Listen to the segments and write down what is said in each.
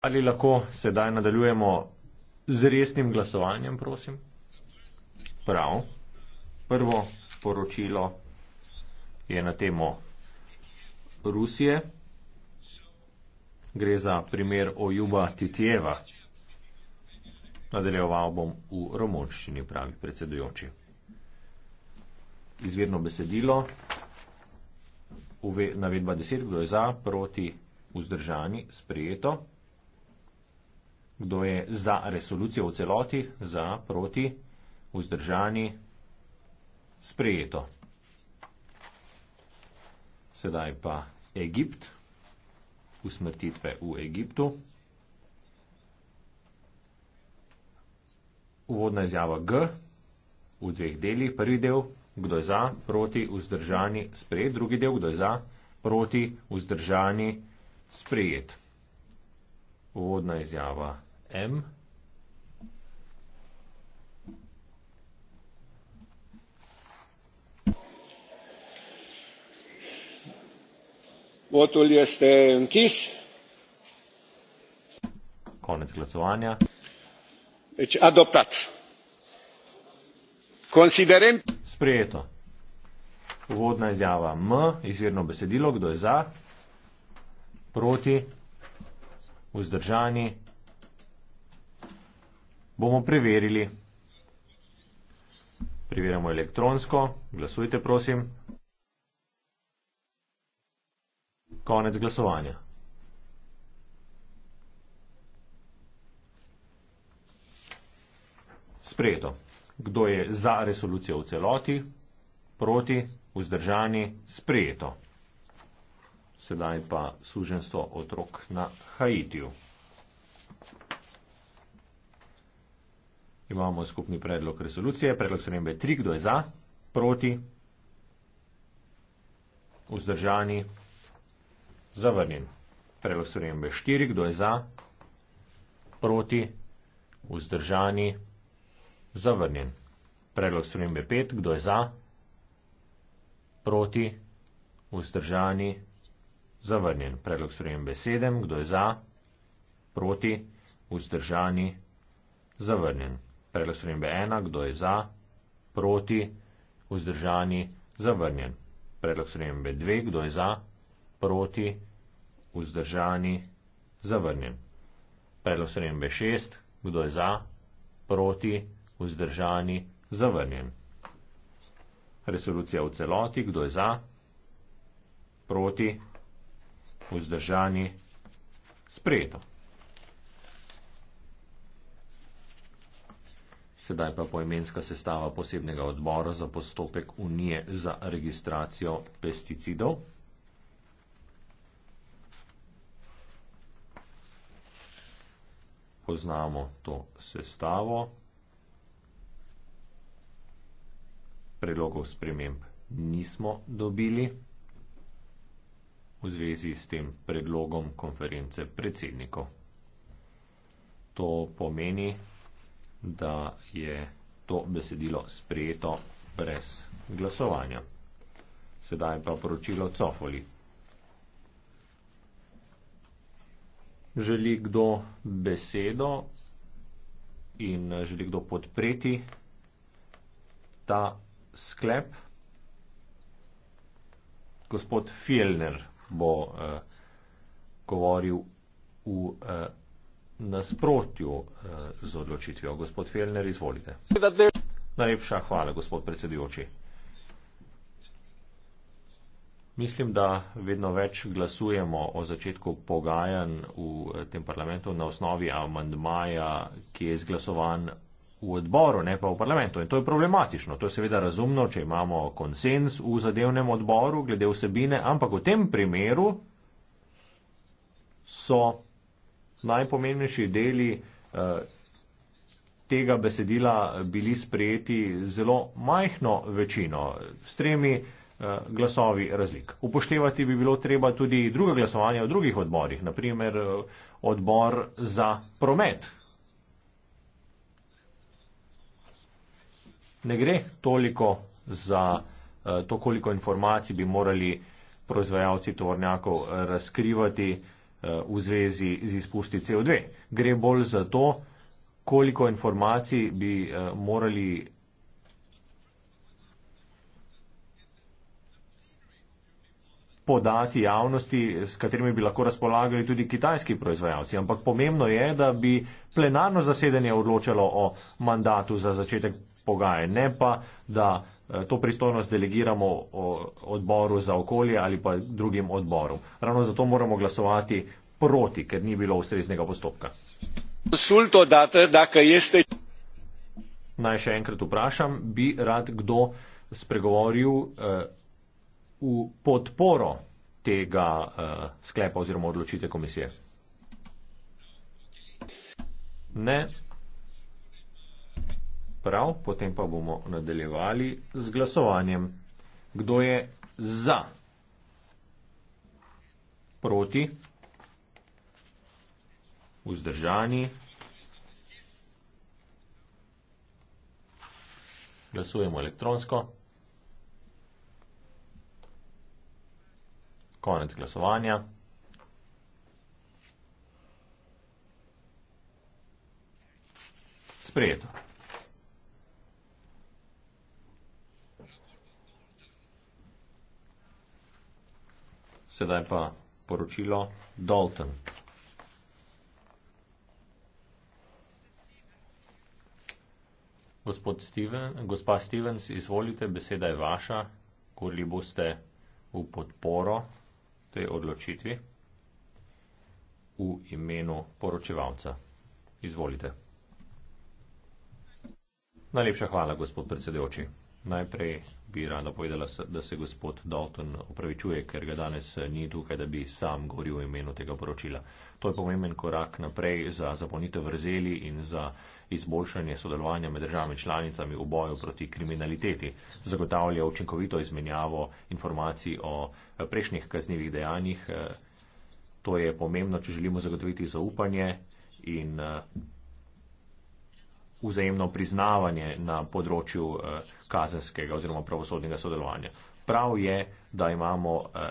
Ali lahko sedaj nadaljujemo z resnim glasovanjem, prosim? Prav. Prvo poročilo je na temo Rusije. Gre za primer Ojuba Titjeva. Nadaljeval bom v romunščini, pravi predsedujoči. Izvirno besedilo, navedba deset, kdo je za, proti, vzdržani, sprejeto kdo je za resolucijo v celoti, za, proti, vzdržani, sprejeto. Sedaj pa Egipt, usmrtitve v Egiptu. Uvodna izjava G v dveh delih. Prvi del, kdo je za, proti, vzdržani, sprejet. Drugi del, kdo je za, proti, vzdržani, sprejet. Uvodna izjava G. M. Votul este închis. Konec glasovanja. Deci, adoptat. Considerem. Sprejeto. Uvodna izjava M, izvirno besedilo, kdo je za, proti, vzdržani, bomo preverili. Preverjamo elektronsko. Glasujte, prosim. Konec glasovanja. Sprejeto. Kdo je za resolucijo v celoti? Proti, vzdržani, sprejeto. Sedaj pa suženstvo otrok na Haitiju. imamo skupni predlog resolucije. Predlog spremembe je tri, kdo je za, proti, vzdržani, zavrnjen. Predlog spremembe je štiri, kdo je za, proti, vzdržani, zavrnjen. Predlog spremembe je pet, kdo je za, proti, vzdržani, zavrnjen. Predlog spremembe je sedem, kdo je za, proti, vzdržani, zavrnjen. Predlog spremembe ena, kdo je za, proti, vzdržani, zavrnjen. Predlog spremembe dve, kdo je za, proti, vzdržani, zavrnjen. Predlog spremembe šest, kdo je za, proti, vzdržani, zavrnjen. Resolucija v celoti, kdo je za, proti, vzdržani, sprejeto. sedaj pa poemenska sestava posebnega odbora za postopek Unije za registracijo pesticidov. Poznamo to sestavo. Predlogov sprememb nismo dobili v zvezi s tem predlogom konference predsednikov. To pomeni, da je to besedilo sprejeto brez glasovanja. Sedaj pa poročilo Cofoli. Želi kdo besedo in želi kdo podpreti ta sklep? Gospod Fjellner bo eh, govoril v eh, nasprotju eh, z odločitvijo. Gospod Felner, izvolite. Najlepša hvala, gospod predsedujoči. Mislim, da vedno več glasujemo o začetku pogajanj v eh, tem parlamentu na osnovi amandmaja, ki je izglasovan v odboru, ne pa v parlamentu. In to je problematično. To je seveda razumno, če imamo konsens v zadevnem odboru glede vsebine, ampak v tem primeru so najpomembnejši deli eh, tega besedila bili sprejeti zelo majhno večino, s tremi eh, glasovi razlik. Upoštevati bi bilo treba tudi druga glasovanja v drugih odborih, naprimer eh, odbor za promet. Ne gre toliko za to, koliko informacij bi morali proizvajalci tovornjakov razkrivati. Eh, v zvezi z izpusti CO2. Gre bolj za to, koliko informacij bi eh, morali podati javnosti, s katerimi bi lahko razpolagali tudi kitajski proizvajalci. Ampak pomembno je, da bi plenarno zasedanje odločalo o mandatu za začetek pogajanj, ne pa, da Eh, to pristojnost delegiramo odboru za okolje ali pa drugim odborom. Ravno zato moramo glasovati proti, ker ni bilo ustreznega postopka. Naj še enkrat vprašam, bi rad kdo spregovoril eh, v podporo tega eh, sklepa oziroma odločitve komisije? Ne razprav, potem pa bomo nadaljevali z glasovanjem. Kdo je za? Proti? Vzdržani? Glasujemo elektronsko. Konec glasovanja. Sprejeto. Sedaj pa poročilo Dalton. Gospod Steven, gospa Stevens, izvolite, beseda je vaša, koli boste v podporo tej odločitvi v imenu poročevalca. Izvolite. Najlepša hvala, gospod predsedujoči. Najprej bi rada povedala, da se gospod Dalton opravičuje, ker ga danes eh, ni tukaj, da bi sam govoril v imenu tega poročila. To je pomemben korak naprej za zapolnitev vrzeli in za izboljšanje sodelovanja med državami članicami v boju proti kriminaliteti. Zagotavlja učinkovito izmenjavo informacij o eh, prejšnjih kaznjivih dejanjih. Eh, to je pomembno, če želimo zagotoviti zaupanje in vzajemno priznavanje na področju eh, kazenskega oziroma pravosodnega sodelovanja. Prav je, da imamo eh,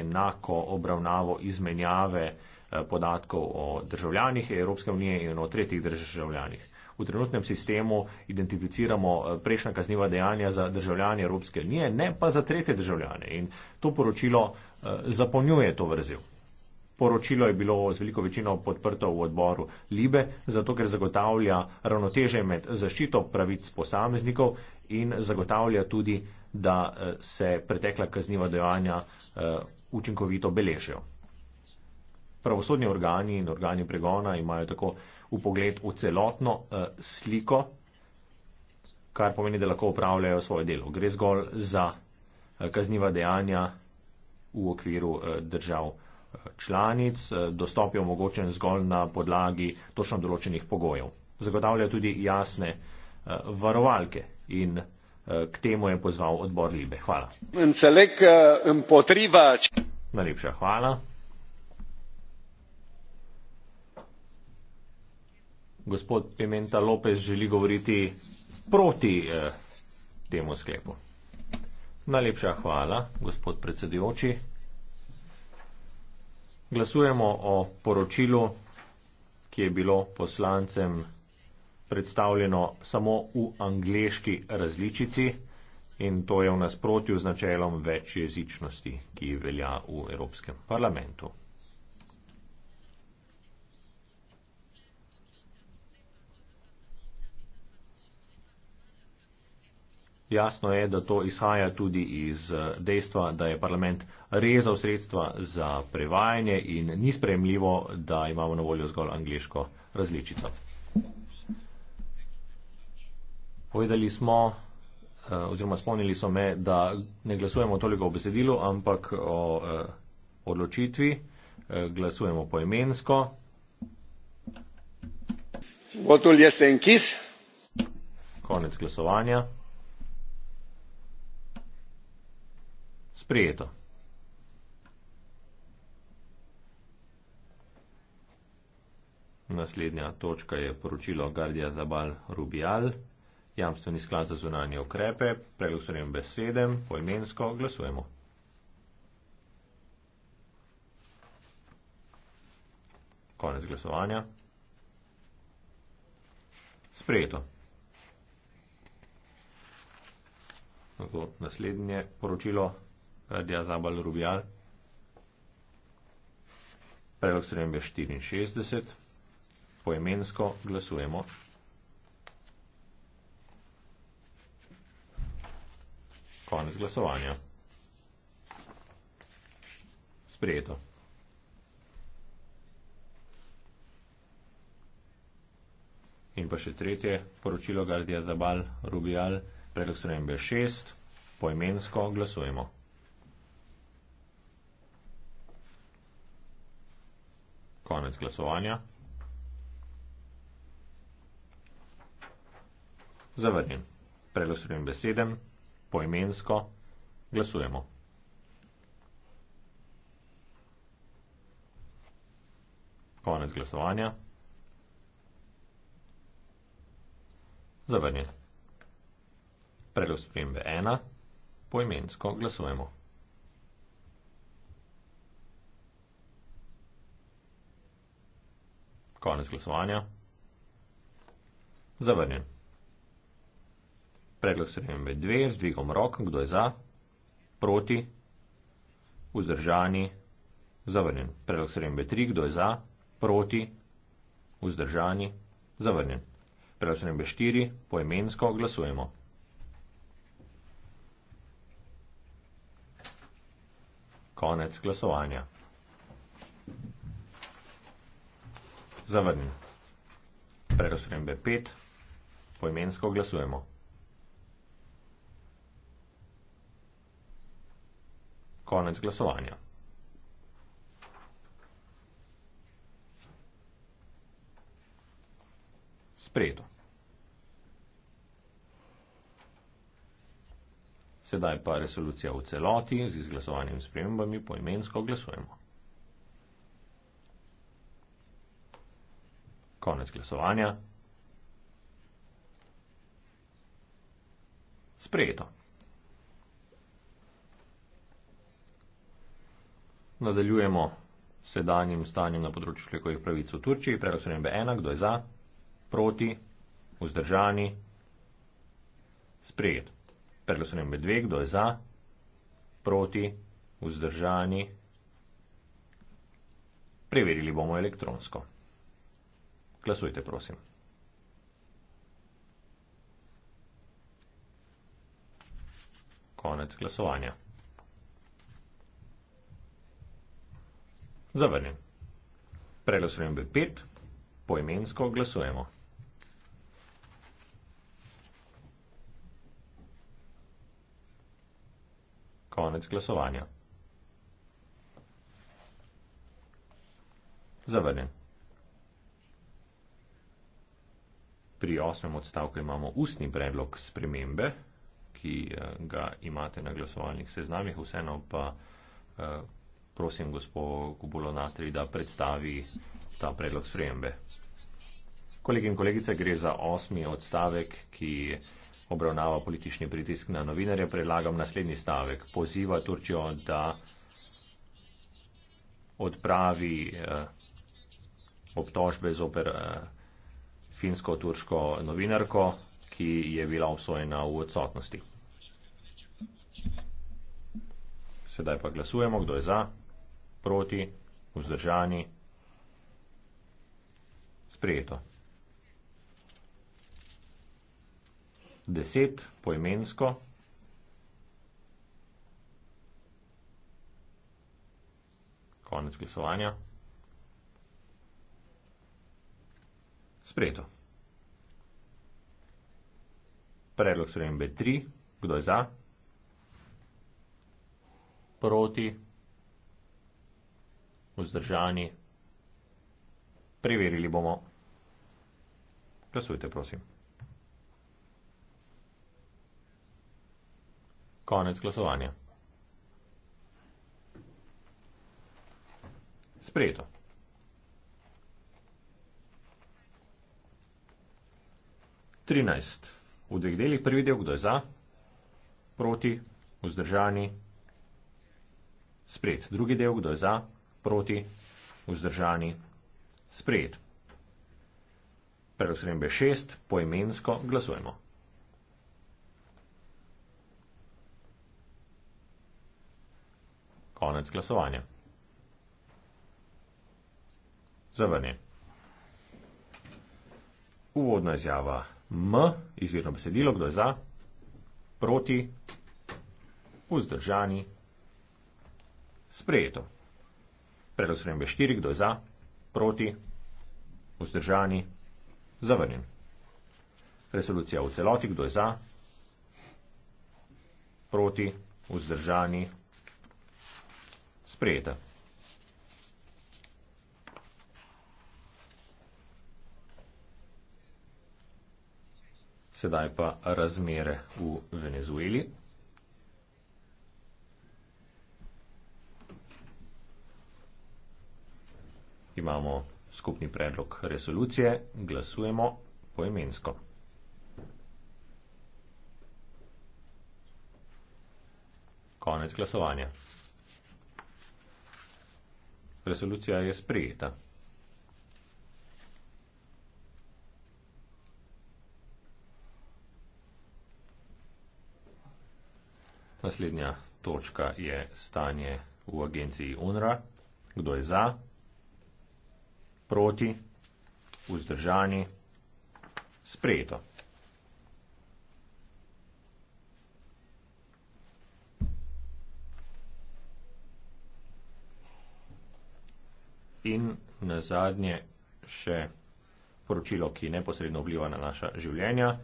enako obravnavo izmenjave eh, podatkov o državljanih Evropske unije in o tretjih državljanih. V trenutnem sistemu identificiramo prejšnja kazniva dejanja za državljanje Evropske unije, ne pa za tretje državljane. In to poročilo zapolnjuje to vrzel. Poročilo je bilo z veliko večino podprto v odboru Libe, zato ker zagotavlja ravnoteže med zaščito pravic posameznikov in zagotavlja tudi, da eh, se pretekla kazniva dejanja eh, učinkovito beležijo. Pravosodni organi in organi pregona imajo tako v pogled v celotno eh, sliko, kar pomeni, da lahko upravljajo svoje delo. Gre zgolj za kazniva dejanja v okviru držav članic, eh, dostop je omogočen zgolj na podlagi točno določenih pogojev. Zagotavlja tudi jasne eh, varovalke in eh, k temu je pozval odbor Libe. Hvala. Najlepša hvala. Gospod Pimenta Lopez želi govoriti proti eh, temu sklepu. Najlepša hvala, gospod predsedujoči. Glasujemo o poročilu, ki je bilo poslancem predstavljeno samo v angliški različici in to je v nasprotju z načelom večjezičnosti, ki velja v Evropskem parlamentu. Jasno je, da to izhaja tudi iz eh, dejstva, da je parlament rezal sredstva za prevajanje in ni sprejemljivo, da imamo na voljo zgolj angliško različico. Povedali smo, eh, oziroma spomnili so me, da ne glasujemo toliko o besedilu, ampak o eh, odločitvi. Glasujemo poimensko. Votul je senkis. Konec glasovanja. Sprejeto. Naslednja točka je poročilo Gardija Zabal Rubial, jamstveni sklad za zunanje ukrepe, predlog sorem besedem, poimensko glasujemo. Konec glasovanja. Sprejeto. Naslednje poročilo Radio Zabal Rubial, predlog spremembe 64, poemensko glasujemo. Konec glasovanja. Sprejeto. In pa še tretje poročilo Gardija Zabal, Rubial, predlog spremembe 6, poemensko glasujemo. Konec glasovanja. Zavrnjen. Preglasujem besedem, poimensko glasujemo. Konec glasovanja. Zavrnjen. Preglasujem v ena, poimensko glasujemo. Konec glasovanja. Zavrnjen. Predlog spremembe 2 z dvigom rok. Kdo je za? Proti? Vzdržani? Zavrnjen. Predlog spremembe 3. Kdo je za? Proti? Vzdržani? Zavrnjen. Predlog spremembe 4. Poimensko glasujemo. Konec glasovanja. Zavrnil. Preroslim B5, poimensko glasujemo. Konec glasovanja. Sprejeto. Sedaj pa resolucija v celoti z izglasovanjem spremembami poimensko glasujemo. Konec glasovanja. Sprejeto. Nadaljujemo sedanjim stanjem na področju človekovih pravic v Turčiji. Predlog spremembe ena, kdo je za, proti, vzdržani, sprejet. Predlog spremembe dve, kdo je za, proti, vzdržani, preverili bomo elektronsko. Glasujte, prosim. Konec glasovanja. Zavrnjen. Preglasujem B5, poimensko glasujemo. Konec glasovanja. Zavrnjen. Pri osmem odstavku imamo ustni predlog spremembe, ki eh, ga imate na glasovalnih seznamih. Vseeno pa eh, prosim gospod Kubulonatri, da predstavi ta predlog spremembe. Kolegi in kolegice, gre za osmi odstavek, ki obravnava politični pritisk na novinarje. Predlagam naslednji stavek. Poziva Turčijo, da odpravi eh, obtožbe z opera. Eh, finsko-turško novinarko, ki je bila obsojena v odsotnosti. Sedaj pa glasujemo, kdo je za, proti, vzdržani. Sprejeto. Deset poimensko. Konec glasovanja. Sprejeto. Predlog spremembe 3. Kdo je za? Proti? Vzdržani? Preverili bomo. Glasujte, prosim. Konec glasovanja. Sprejeto. 13. V dveh delih prvi del, kdo je za, proti, vzdržani, sprejet. Drugi del, kdo je za, proti, vzdržani, sprejet. Predlog sprejembe 6. Poimensko glasujemo. Konec glasovanja. Zavrnjen uvodna izjava M, izvirno besedilo, kdo je za, proti, vzdržani, sprejeto. Predlog spremembe 4, kdo je za, proti, vzdržani, zavrnjen. Resolucija v celoti, kdo je za, proti, vzdržani, sprejeta. Sedaj pa razmere v Venezueli. Imamo skupni predlog resolucije, glasujemo poemensko. Konec glasovanja. Resolucija je sprejeta. Naslednja točka je stanje v agenciji UNRA. Kdo je za, proti, vzdržani, sprejeto. In na zadnje še poročilo, ki neposredno vpliva na naša življenja.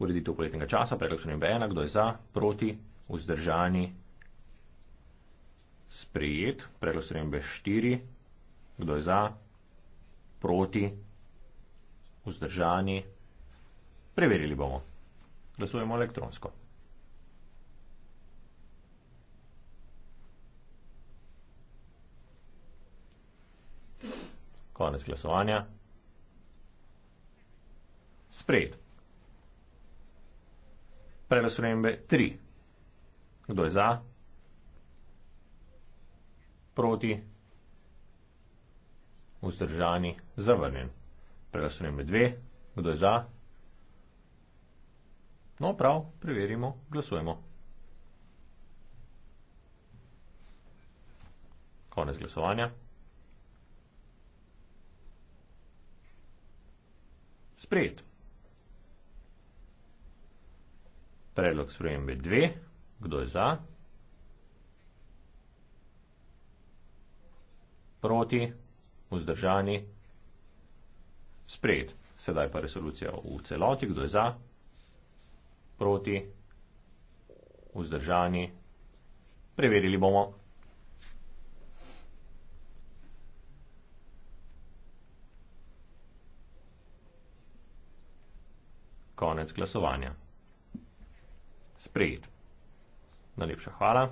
Ureditev poletnega časa, predlog sprememb 1, kdo je za, proti, vzdržani, sprejet, predlog spremembe 4, kdo je za, proti, vzdržani, preverili bomo. Glasujemo elektronsko. Konec glasovanja. Sprejet. Prelo spremembe 3. Kdo je za? Proti? Vzdržani? Zavrnjen. Preglasujem med dve. Kdo je za? No, prav, preverimo, glasujemo. Konec glasovanja. Sprejet. Predlog sprejem B2. Kdo je za? Proti? Vzdržani? Sprejet. Sedaj pa resolucija v celoti. Kdo je za? Proti? Vzdržani? Preverili bomo. Konec glasovanja. Sprejet. Najlepša hvala.